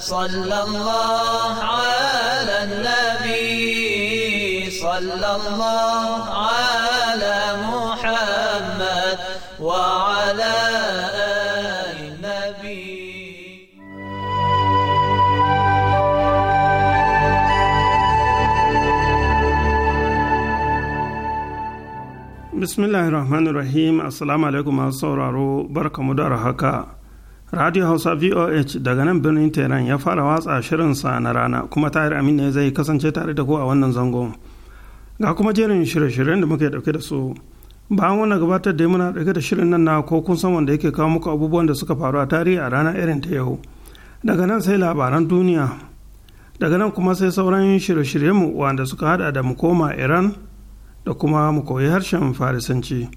صلى الله على النبي صلى الله على محمد وعلى بسم الله الرحمن الرحيم السلام عليكم ورحمه الله وبركاته radio hausa voh daga nan birnin tehran ya fara watsa shirinsa na rana kuma tahir amin ne zai kasance tare da ku a wannan zangon ga kuma jerin shirye-shiryen da muke dauke da su bayan wannan gabatar da muna dauke da shirin nan na ko kun san wanda yake kawo muku abubuwan da suka faru a tarihi a rana irin ta yau daga nan sai labaran duniya daga nan kuma sai sauran shirye shiryen mu wanda suka hada da mu koma iran da kuma mu koyi harshen farisanci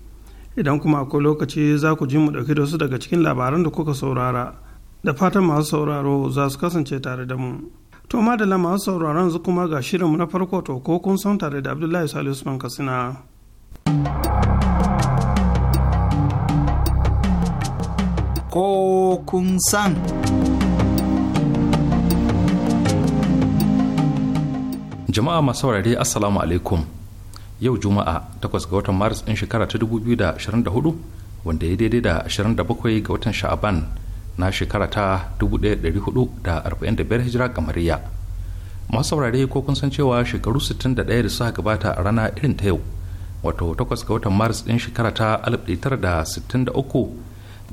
idan kuma akwai lokaci za ku ji mu ɗauki da wasu daga cikin labaran da kuka saurara da fatan masu sauraro za su kasance tare da mu to da masu sauraron su kuma ga shirinmu na farko to ko kun san tare da abdullahi salisu usman kasina ko kun san jama'a masu saurare assalamu alaikum yau juma'a 8 ga watan maris ɗin shekara ta 2024 wanda ya daidai da 27 ga watan sha'aban na shekara ta 1445 hijira kamariya masu saurare ko kun san cewa shekaru 61 da suka gabata a rana irin ta yau wato 8 ga watan maris ɗin shekara ta 1963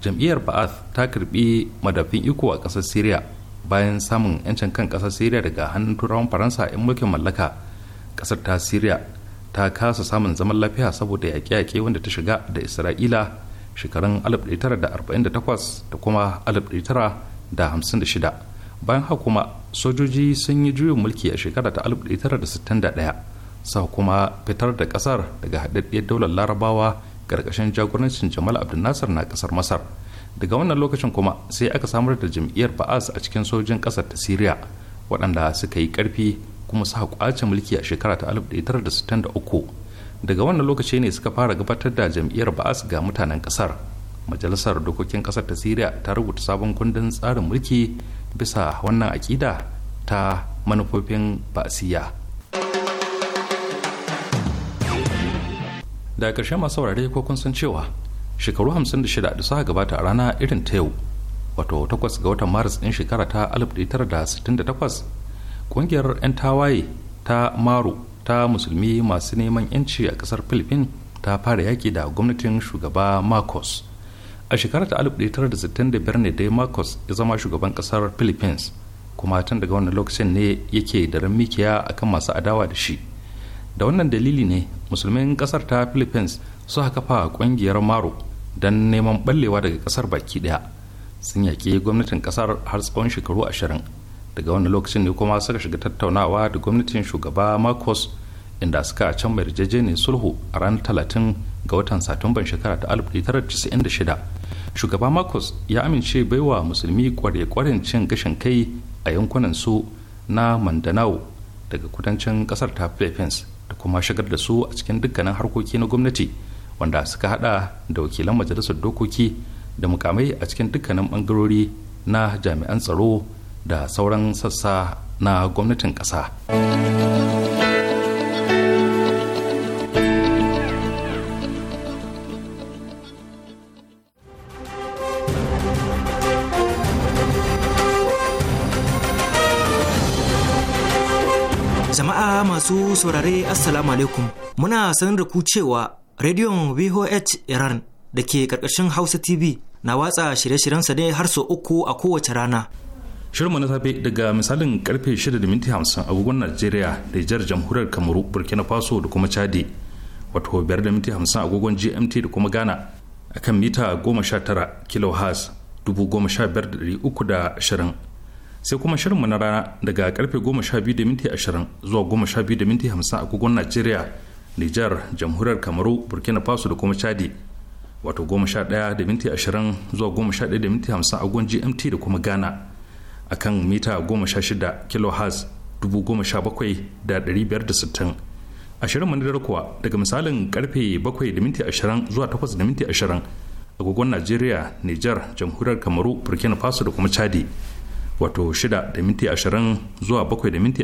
jam'iyyar ba'ath ta karbi madafin iko a ƙasar syria bayan samun 'yancin kan ƙasar syria daga hannun turawan faransa 'yan mulkin mallaka kasar ta syria ta kasa samun zaman lafiya saboda yaƙe-yaƙe wanda ta shiga da isra'ila shekarun 1948 da kuma 1956 bayan haka kuma sojoji sun yi juyin mulki a shekara ta 1961 sa kuma fitar da kasar daga haɗaɗɗiyar daular larabawa ƙarƙashin jagorancin jamal abdulnasar na ƙasar masar daga wannan lokacin kuma sai aka samar da jam'iyyar ba'as a cikin sojin ƙasar ta siriya waɗanda suka yi ƙarfi kuma suka kwace mulki a shekara ta 1963 daga wannan lokaci ne suka fara gabatar da jam'iyyar ba'as ga mutanen kasar majalisar dokokin kasar ta siriya ta rubuta sabon kundin tsarin mulki bisa wannan akida ta manufofin ba'asiyya da ƙarshe masu saurare ko kun san cewa shekaru 56 da suka gabata a rana irin ta yau wato 8 ga watan maris ɗin shekara ta 1968 ƙungiyar 'yan tawaye ta maro ta musulmi masu neman 'yanci a ƙasar philippines ta fara yaƙi da gwamnatin shugaba marcos a shekarar ta 1965 ne dai marcos ya zama shugaban ƙasar philippines kuma tun daga wannan lokacin ne yake da mikiya akan masu adawa da shi da wannan dalili ne musulmin ƙasar ta philippines su suka kafa ƙungiyar maro don neman ɓallewa daga ƙasar baki ɗaya sun yaƙi gwamnatin ƙasar har tsawon shekaru ashirin daga wani lokacin ne kuma suka shiga tattaunawa da gwamnatin shugaba marcos inda suka can mai ne sulhu a ranar talatin ga watan satumban shekara ta 1996 shugaba marcos ya amince baiwa musulmi kware-kwaren cin gashin kai a yankunan su na mandanao daga kudancin kasar ta philippines da kuma shigar da su a cikin dukkanin harkoki na gwamnati wanda suka hada da wakilan majalisar dokoki da mukamai a cikin dukkanin bangarori na jami'an tsaro da sauran sassa na gwamnatin ƙasa. Jama'a masu saurare Assalamu alaikum muna sanar da ku cewa rediyon VOH Iran da ke ƙarƙashin Hausa TV na watsa shirye-shiryensa ne har sau uku a kowace rana. Shirma na safe daga misalin karfe 6:50 agogon Najeriya da jihar jamhuriyar Kamaru, Burkina Faso da kuma Chadi, wato 5:50 agogon GMT da kuma Ghana a kan mita 19 kHz 15,320 sai kuma shirinmu na rana daga karfe 12:20 zuwa 12:50 agogon Najeriya, Nijar, jamhuriyar Kamaru, Burkina Faso da kuma Chadi. Wato 11:20 zuwa 11:50 agogon GMT da kuma Ghana. a kan mita 16 kHz 17,560 ashirin manadar kuwa daga misalin karfe 7:20 zuwa 8:20 da minti agogon najeriya Nijar, jamhuriyar kamaru burkina faso da kuma chadi wato 6:20 zuwa 7:20 da minti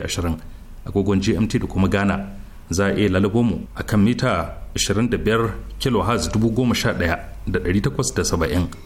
agogon gmt da kuma ghana za a iya lalabo mu a kan mita 25 kHz 11,870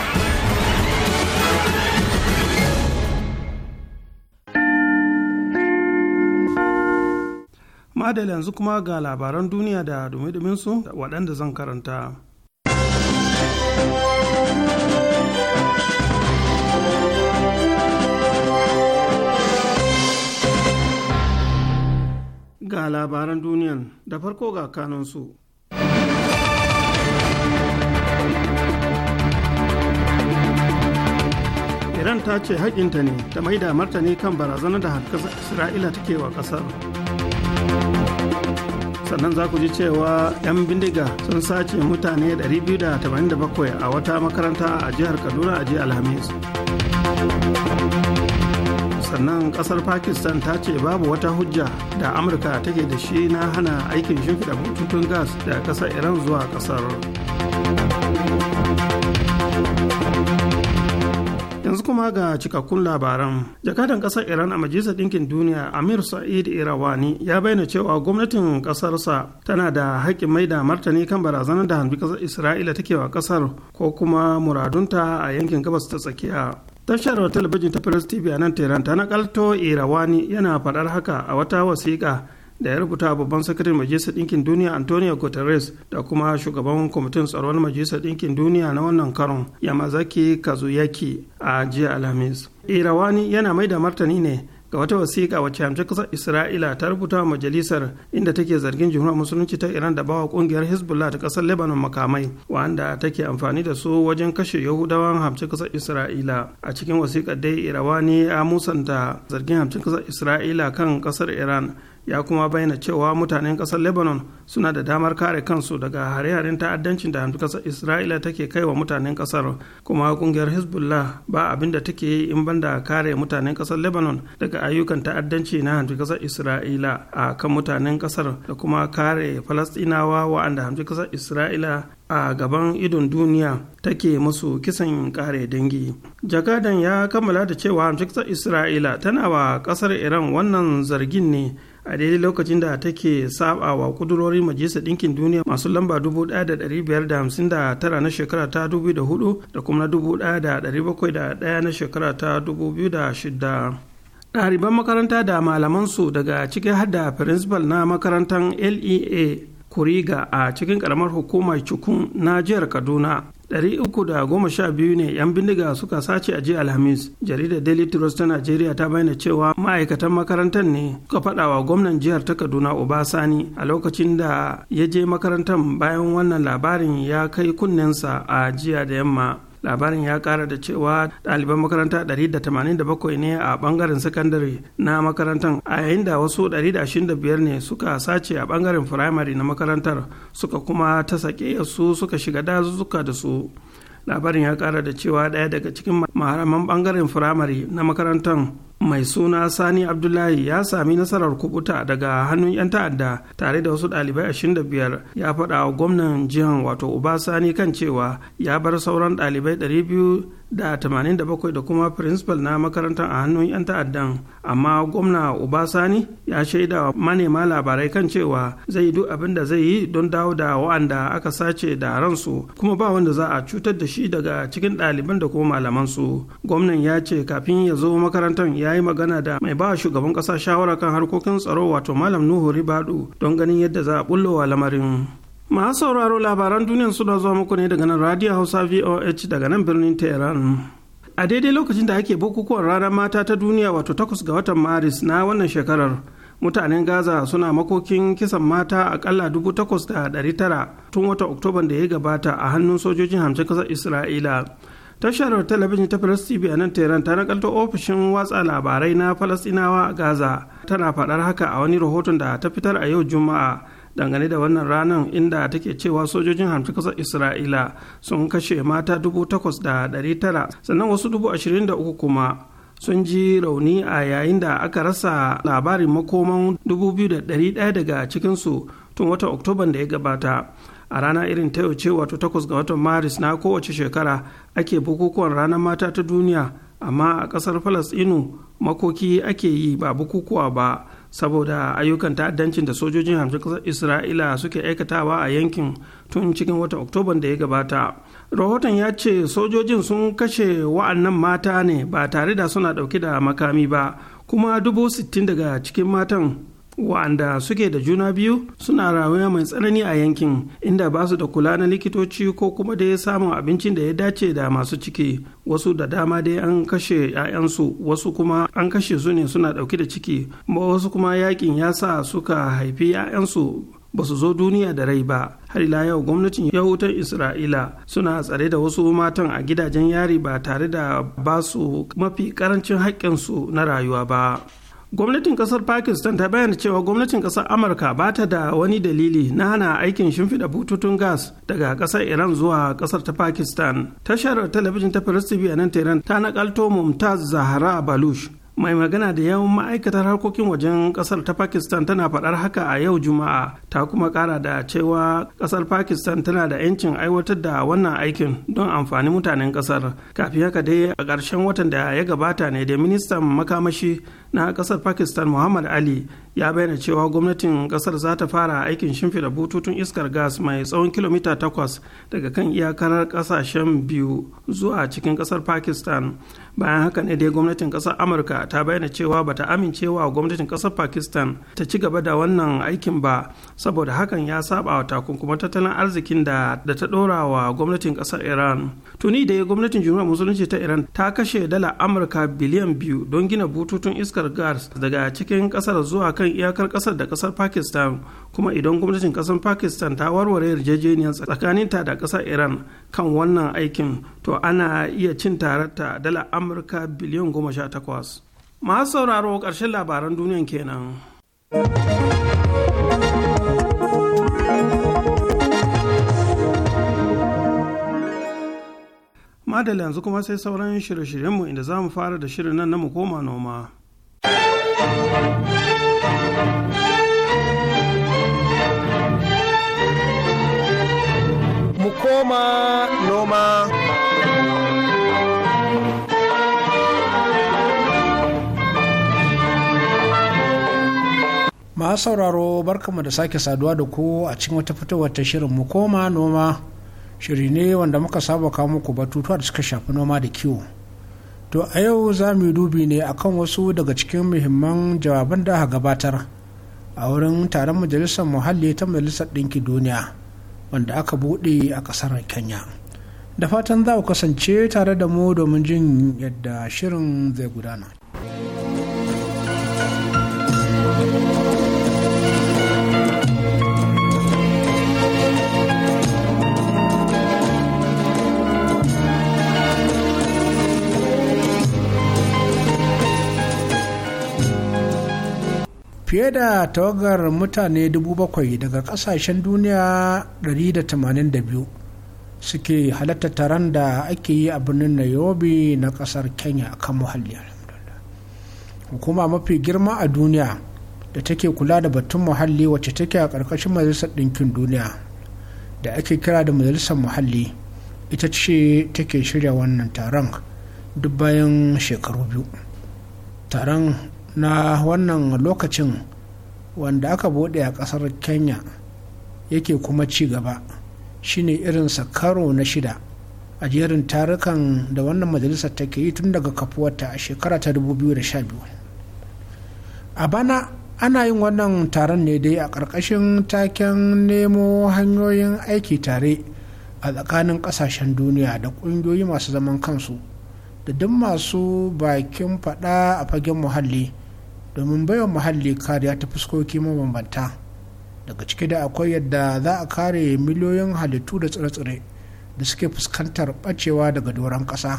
Madal yanzu kuma ga labaran duniya da dumi su waɗanda zan karanta ga labaran duniyan da farko ga kanunsu iran ta ce haƙinta ne ta maida martani kan barazanar da harkar isra'ila take wa ƙasar sannan za ku ji cewa 'yan bindiga sun sace mutane 287 a wata makaranta a jihar kaduna a jiya alhamis sannan kasar pakistan ta ce babu wata hujja da amurka take da shi na hana aikin shimfiɗa bututun gas da kasar iran zuwa kasar yanzu kuma ga cikakkun labaran jakadan kasar iran a majalisar ɗinkin duniya amir sa'id irawani ya bayyana cewa gwamnatin kasarsa tana da haƙƙin mai da martani kan barazanar da hanbi kasar isra'ila take wa kasar ko kuma muradunta a yankin gabas ta tsakiya tashar talabijin ta press tv a nan tehran ta nakalto irawani yana faɗar haka a wata wasiƙa da ya rubuta babban sakatar majalisar ɗinkin duniya antonio guterres da kuma shugaban kwamitin tsaron majalisar ɗinkin duniya na wannan karon yamazaki kazuyaki a jiya alhamis irawani yana mai da martani ne ga wata wasiƙa wacce hamshe kasar isra'ila ta rubuta wa majalisar inda take zargin jihunar musulunci ta iran da bawa ƙungiyar hezbollah ta ƙasar lebanon makamai wanda take amfani da su wajen kashe yahudawan hamshe ƙasar isra'ila a cikin wasiƙar dai irawani a musanta zargin hamshe kasar isra'ila kan ƙasar iran ya kuma bayyana cewa mutanen kasar lebanon suna da damar kare kansu daga hare-haren ta'addancin da kasar isra'ila take kai wa mutanen kasar kuma kungiyar hezbollah ba abin da take yi in banda kare mutanen kasar lebanon daga ayyukan ta'addanci na kasar isra'ila a kan mutanen kasar da kuma kare falastinawa wa'anda kasar isra'ila a gaban idon duniya take musu kisan kare dangi jakadan ya kammala da cewa kasar isra'ila tana wa kasar iran wannan zargin ne a daidai lokacin da take saba wa kudurori majalisar ɗinkin duniya masu lamba 1559 na shekara ta 2004 da kuma na 1701 na shekara ta 2006 ɗaliban makaranta da malamansu daga cikin hada firinsifal na makarantar lea kuriga a cikin karamar hukumar cikun na jihar kaduna 312 ne 'yan bindiga suka sace a jiya alhamis jaridar daily trust ta najeriya ta bayyana cewa ma'aikatan makarantar ne suka fada wa gwamnan jihar ta kaduna obasani a lokacin da ya je makarantar bayan wannan labarin ya kai kunnensa a jiya da yamma labarin ya kara da cewa ɗaliban makaranta 187 ne a bangaren sakandare na makarantar a yayin da wasu 125 ne suka sace a bangaren firamare na makarantar suka kuma ta sake su suka shiga dazuzzuka da su labarin ya kara da cewa ɗaya daga cikin maharaman bangaren firamare na makarantar mai suna sani abdullahi ya sami nasarar kubuta daga hannun 'yan ta'adda tare da wasu ɗalibai 25 ya faɗa wa gwamnan jihar wato uba sani kan cewa ya bar sauran ɗalibai biyu da da kuma firinsifal na makarantar a hannun 'yan ta'addan amma gwamna uba sani ya shaida wa manema labarai kan cewa zai yi duk abin da zai yi don dawo da wa'anda aka sace da ransu kuma ba wanda za a cutar da shi daga cikin ɗaliban da kuma malaman su gwamnan ya ce kafin ya zo makarantar ya ya yi magana da mai ba shugaban ƙasa shawara kan harkokin tsaro wato malam nuhu ribadu don ganin yadda za a bullowa lamarin masu sauraro labaran duniyan suna zuwa muku ne daga nan radio hausa voh daga nan birnin tehran a daidai lokacin da ake bukukuwan ranar mata ta duniya wato takwas ga watan maris na wannan shekarar mutanen gaza suna makokin kisan mata akalla tara tun watan oktoban da ya gabata a hannun sojojin hamsin kasar isra'ila tashar talabijin ta Firas a nan Tehran ta nakalto ofishin watsa labarai na Falastinawa a Gaza tana faɗar haka a wani rahoton da ta fitar a yau Juma'a dangane da wannan ranar inda take cewa sojojin hamsin kasar Isra'ila sun kashe mata dubu takwas da tara sannan wasu dubu ashirin da kuma sun ji rauni a yayin da aka rasa labarin makoman dubu ɗaya daga cikinsu tun watan Oktoban da ya gabata. a rana irin ta yau ce wato takwas ga watan maris na kowace shekara ake bukukuwan ranar mata ta duniya amma a kasar inu makoki ake yi ba bukukuwa ba saboda ayyukan ta'addancin da sojojin hamsin kasar isra'ila suke aikatawa a yankin tun cikin watan oktoban da ya gabata rahoton ya ce sojojin sun kashe wa'annan mata ne ba tare da suna ɗauke da makami ba kuma dubu sittin daga cikin matan wa'anda suke da juna biyu suna rayuwa mai tsanani a yankin inda ba su da kula na likitoci ko kuma dai samun abincin da ya dace da masu ciki wasu da dama dai an kashe 'ya'yansu wasu kuma an kashe su ne suna ɗauke da ciki wasu kuma yakin ya sa suka haifi 'ya'yansu ba su zo duniya da rai ba har ila yau gwamnatin yahutan isra'ila suna tsare da wasu matan a gidajen yari ba tare da ba su mafi karancin haƙƙinsu na rayuwa ba gwamnatin kasar pakistan ta bayyana cewa gwamnatin kasar amurka ba ta da wani dalili na hana aikin shimfiɗa bututun gas daga kasar iran zuwa kasar ta pakistan tashar talabijin ta firis tv a nan tehran ta nakalto mumtaz zahra balush mai magana da yawan ma'aikatar harkokin wajen kasar ta pakistan tana faɗar haka a yau juma'a ta kuma ƙara da cewa kasar pakistan tana da 'yancin aiwatar da wannan aikin don amfani mutanen kasar kafin haka dai a ƙarshen watan da ya gabata ne da ministan makamashi na kasar pakistan muhammad ali ya bayyana cewa gwamnatin kasar za ta fara aikin shimfida bututun iskar gas mai tsawon kilomita 8 daga kan iyakar kasashen biyu zuwa cikin kasar pakistan bayan haka ne dai gwamnatin kasar amurka ta bayyana cewa bata amincewa gwamnatin kasar pakistan ta ci gaba da wannan aikin ba saboda hakan ya saba wa takunkuman tattalin arzikin da da ta dora wa gwamnatin kasar iran tuni da gwamnatin jumhuriyar musulunci ta iran ta kashe dala amurka biliyan biyu don gina bututun iskar iskar gas daga cikin kasar zuwa kan iyakar kasar da kasar pakistan kuma idan gwamnatin kasar pakistan ta warware yarjejeniyar tsakanin ta da kasar iran kan wannan aikin to ana iya cin tararta dala amurka biliyan goma sha takwas masu sauraro karshen labaran duniyan kenan. madalla yanzu kuma sai sauran shirye-shiryenmu inda za mu fara da shirin nan na mu koma noma. Mu noma. masu sauraro barkanmu da sake saduwa da ku a cikin wata fitowar ta shirin mu koma noma shiri ne wanda muka saba kawo muku batutuwa da suka shafi noma da kiwo to a yau za mu dubi ne akan wasu daga cikin muhimman jawaban da aka gabatar a wurin taron majalisar muhalli ta majalisar ɗinki duniya wanda aka buɗe a ƙasar kenya da fatan za ku kasance tare da mu domin jin yadda shirin zai gudana fiye da tawagar mutane 7,000 daga kasashen duniya 182 suke halatta taron da ake yi a birnin nairobi na kasar kenya kan muhalli hukuma mafi girma a duniya da take kula da batun muhalli wacce take a ƙarƙashin majalisar ɗinkin duniya da ake kira da majalisar muhalli ita ce take shirya wannan taron duk bayan shekaru biyu taron na wannan lokacin wanda aka bude a kasar kenya yake kuma ci gaba shine irinsa karo na shida a jerin tarukan da wannan majalisar take yi tun daga kafuwarta a shekara ta 2012 a bana ana yin wannan taron ne dai a ƙarƙashin taken nemo hanyoyin aiki tare a tsakanin ƙasashen duniya da ƙungiyoyi masu zaman kansu da duk masu bakin fada a fagen muhalli domin baiwa muhalli kariya ta fuskoki mabambanta daga ciki da akwai yadda za a kare miliyoyin halittu da tsire-tsire da suke fuskantar bacewa daga doron ƙasa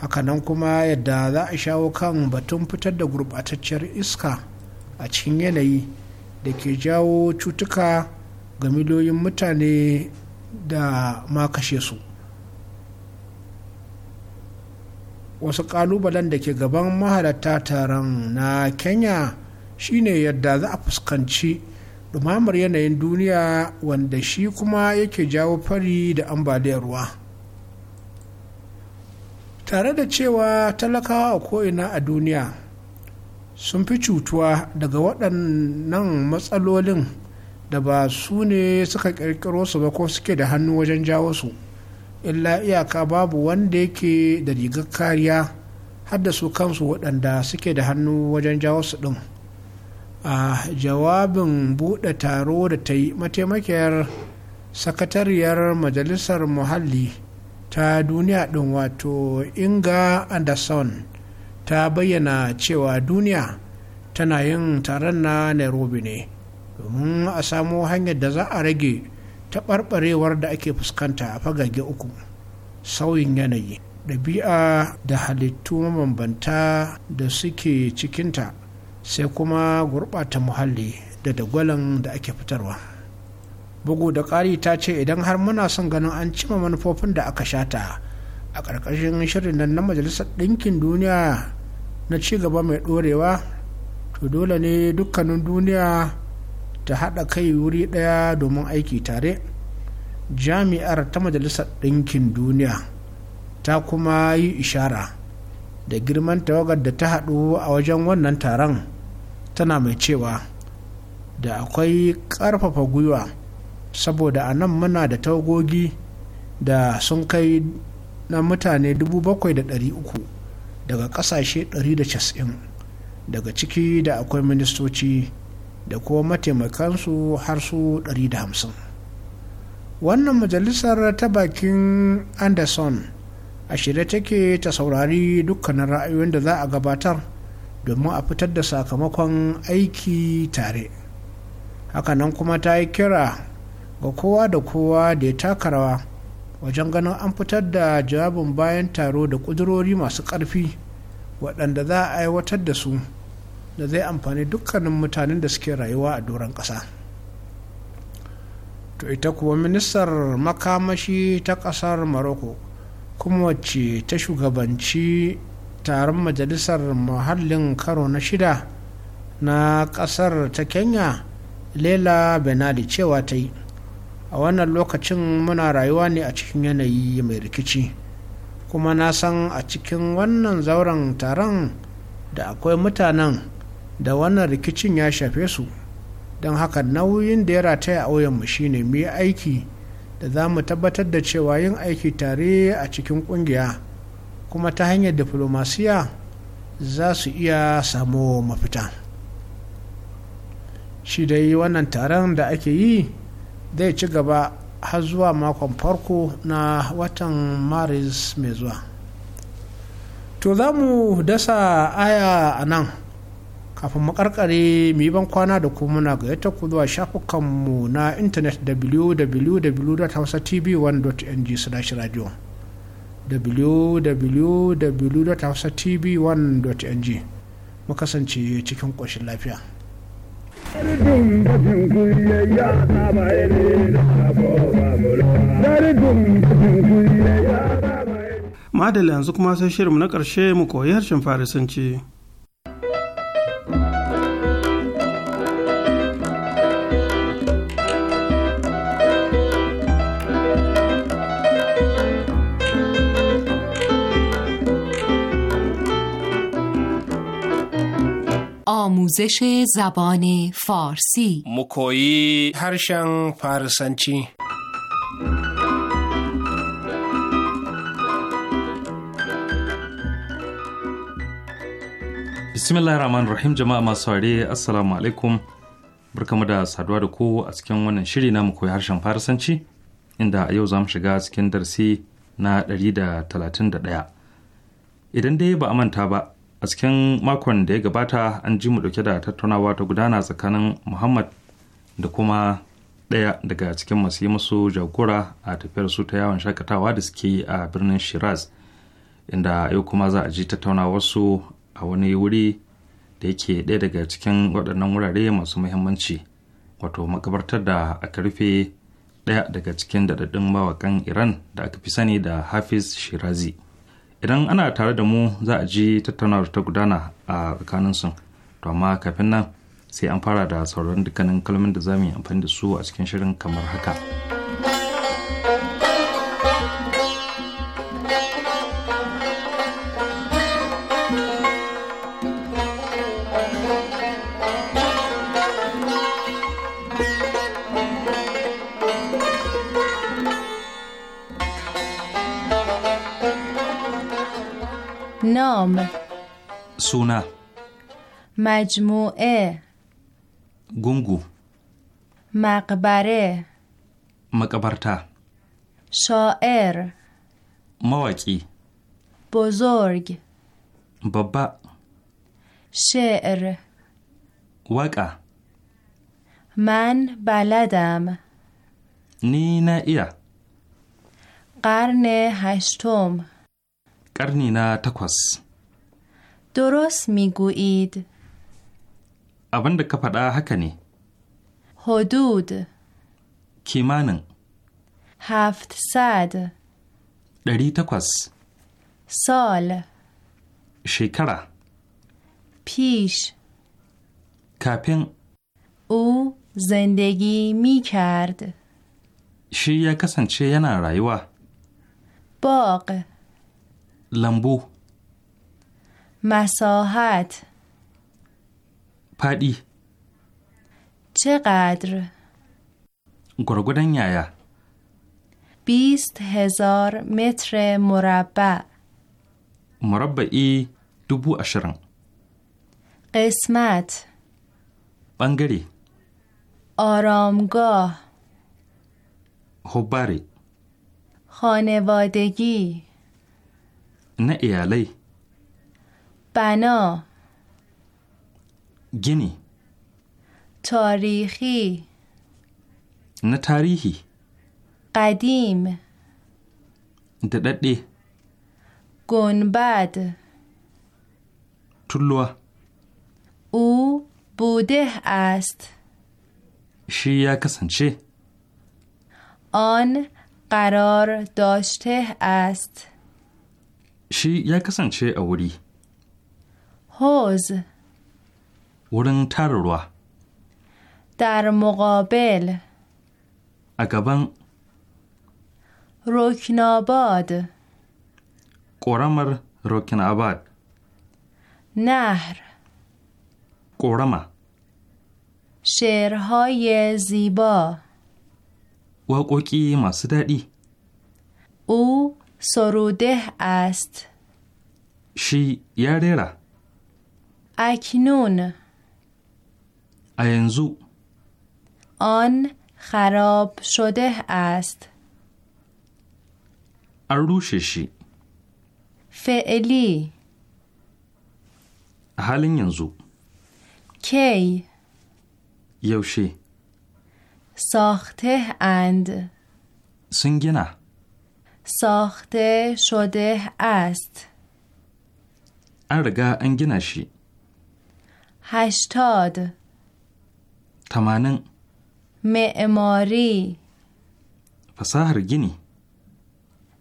hakanan kuma yadda za a shawo kan batun fitar da gurɓatacciyar iska a cikin yanayi da ke jawo cutuka ga miliyoyin mutane da ma kashe su wasu kalubalen da ke gaban mahalarta taron na kenya shine yadda za a fuskanci dumamar yanayin duniya wanda shi kuma yake jawo fari da ambaliyar ruwa tare da cewa talakawa a ko'ina a duniya sun fi cutuwa daga waɗannan matsalolin da ba su ne suka ƙirƙiro su ba ko suke da hannu wajen jawo su. illa iyaka babu wanda yake da rigar kariya haddasa kansu waɗanda suke da hannu wajen jawo su ɗin a jawabin buɗe taro da ta yi mataimakiyar sakatariyar majalisar muhalli ta duniya ɗin wato inga anderson ta bayyana cewa duniya tana yin taron na nairobi ne domin a samo hanyar da za a rage taɓarɓarewar da ake fuskanta a fagage uku sauyin yanayi ɗabi'a da halittu mabambanta da suke cikinta sai kuma gurɓata muhalli da dagwalon da ake fitarwa bugu da ƙari ta ce idan har muna son ganin an cima manufofin da aka shata a ƙarƙashin shirin nan na majalisar ɗinkin duniya na ci gaba mai ɗorewa to dole ne dukkanin duniya ta haɗa kai wuri ɗaya domin aiki tare jami'ar ta majalisar ɗinkin duniya ta kuma yi ishara da girman tawagar da ta haɗu a wajen wannan taron tana mai cewa da akwai ƙarfafa gwiwa saboda a nan muna da tawagogi da sun kai na mutane 7,300 daga ƙasashe 190 daga ciki da akwai ministoci da kuma mataimakansu har su 150 wannan majalisar ta bakin anderson a shirye take ta saurari dukkanin ra'ayoyin da za a gabatar domin a fitar da sakamakon aiki tare hakanan kuma ta yi kira ga kowa da kowa da ya taka rawa wajen ganin an fitar da jawabin bayan taro da kudurori masu ƙarfi waɗanda za a aiwatar da su da zai amfani dukkanin mutanen da suke rayuwa a doron ƙasa to ita kuwa ministar makamashi ta ƙasar maroko kuma wacce ta shugabanci taron majalisar muhallin karo na shida na ƙasar ta kenya lela benali cewa ta yi a wannan lokacin muna rayuwa ne a cikin yanayi mai rikici kuma na san a cikin wannan zauren taron da akwai mutanen da wannan rikicin ya shafe su don haka nauyin da ya rataya a wuyanmu shine mu yi aiki da za mu tabbatar da cewa yin aiki tare a cikin kungiya kuma ta hanyar diflomasiya za su iya samu mafita shi dai wannan taron da ake yi zai ci gaba har zuwa makon farko na watan maris mai zuwa to za mu dasa aya a nan kafin makarkare mu yi ban kwana da kuma muna yata ku zuwa shafukanmu na intanet www.hausatv1.ng/radio www.hausatv1.ng mu kasance cikin ƙoshin lafiya. Daridun ya na Madalla yanzu kuma sai shirin na ƙarshe mu koyi harshen Farisanci. آموزش زبان فارسی مکویی هرشن فارسنچی bismillah rahman rahim jama'a masu saurare assalamu alaikum barkamu da saduwa da ku a cikin wannan shiri na mu koyi harshen farisanci inda a yau za mu shiga cikin darsi na 131 idan dai ba a manta ba a cikin makon da ya gabata an ji mu dauke da tattaunawa ta gudana tsakanin muhammad da kuma ɗaya daga cikin masu yi musu jagora a tafiyar su ta yawon shakatawa da suke yi a birnin shiraz inda yau kuma za a ji tattaunawarsu a wani wuri da yake ɗaya daga cikin waɗannan wurare masu muhimmanci wato makabartar da aka rufe ɗaya daga cikin daɗaɗɗun mawakan iran da aka fi sani da hafiz shirazi idan ana tare da mu za a ji tattaunawar ta gudana a tsakanin tsakaninsu to amma kafin nan sai an fara da sauran dukkanin kalmomin da za mu yi amfani da su a cikin shirin kamar haka. suna majmu'e gungu maqbare maqabarta sha'ir mawaki bozorg babba she'r waka man baladam ni na iya قرن هشتم قرنی na تکوس درست میگویید abin da ka faɗa haka ne. Hudud. Kimanin. Haft sad. Ɗari takwas. Sol. Shekara. Pish. Kafin. U zindagi mi Shi ya kasance yana rayuwa. Bog. Lambu. مساحت پدی چقدر گرگودن یایا بیست هزار متر مربع مربعی دوبو اشرن قسمت بنگری آرامگاه خوباری خانوادگی نه ایالی بنا گینی تاریخی نه تاریخی قدیم دردی گنبد تلوه او بوده است شی یا کسنچه آن قرار داشته است شی یا کسنچه اولی حوز ورن رو در مقابل اگبن رکناباد قرمر رکناباد آباد نهر قرمه شعرهای زیبا و قوکی دادی او سروده است شی یا اکنون اینزو آن خراب شده است اروششی فعلی حال ینزو کی یوشی ساخته اند سنگنه ساخته شده است ارگا riga هشتاد تمانن معماری فساهر گینی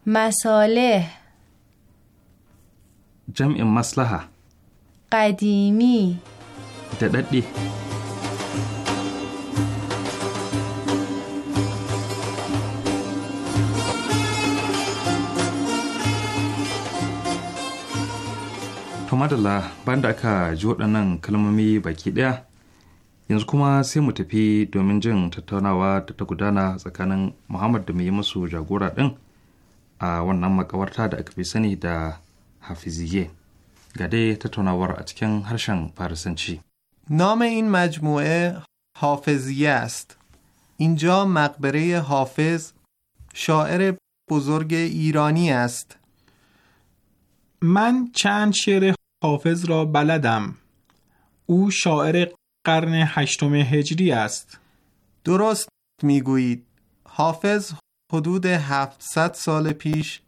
مساله جمع مسلحه قدیمی دددی madalla banda aka ji waɗannan kalmomi baki ɗaya yanzu kuma sai mu tafi domin jin tattaunawa da ta gudana tsakanin muhammad da mai masu jagora ɗin a wannan makawarta da aka fi sani da hafiziye ga dai tattaunawar a cikin harshen farisanci نام این مجموعه حافظیه است. اینجا مقبره حافظ شاعر بزرگ ایرانی است. من چند شعر حافظ را بلدم او شاعر قرن هشتم هجری است درست میگویید حافظ حدود 700 سال پیش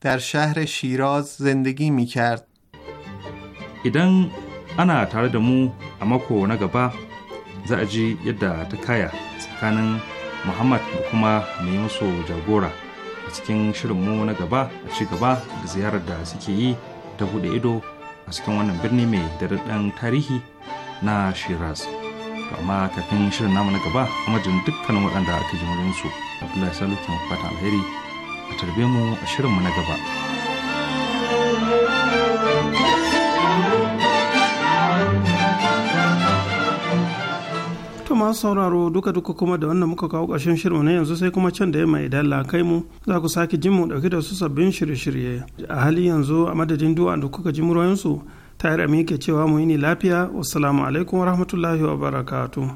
در شهر شیراز زندگی می کرد ایدن انا تاره دمو اما کو نگبا زعجی یده تکایا سکانن محمد بکما میمسو جاگورا cikin shirinmu na gaba a ci gaba da ziyarar da suke ایدو a cikin wannan birni mai daɗaɗɗen tarihi na shiraz to amma kafin shirin namu na gaba amma jin dukkanin waɗanda aka ji su abdullahi salatu fata alheri a tarbe mu a shirin mu na gaba. masu sauraro duka duka kuma da wannan muka kawo ƙarshen shirin na yanzu sai kuma can da mai idan kai mu za ku sake jin mu dauke da su sabbin shirye-shirye a hali yanzu a madadin du'a da kuka ji ta yi rami ke cewa mu yi ni lafiya wasu alaikum wa barakatu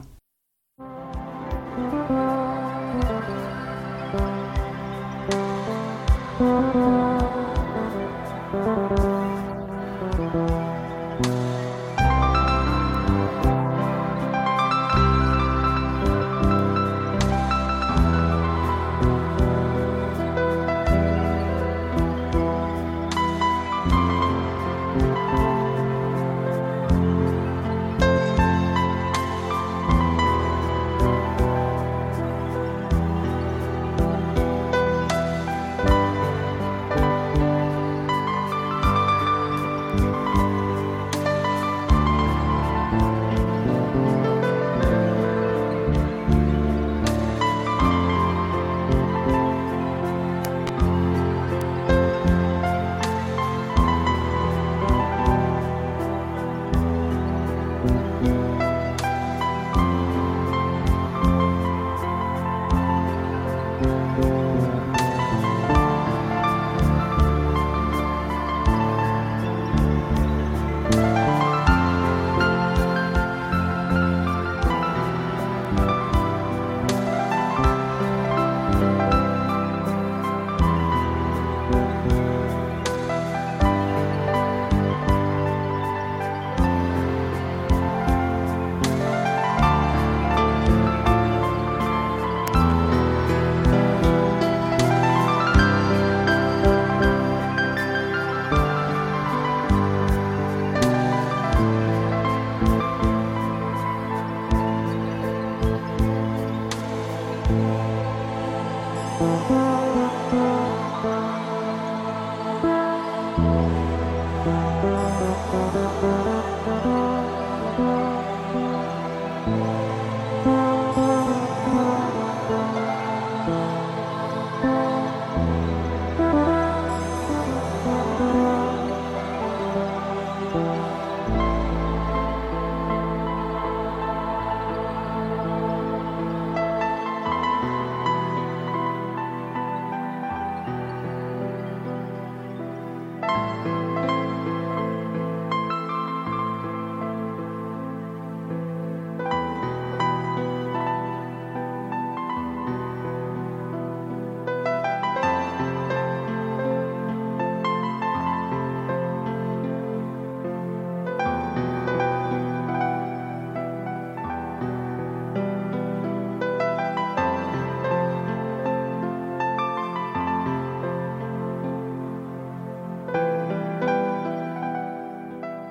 Thank you.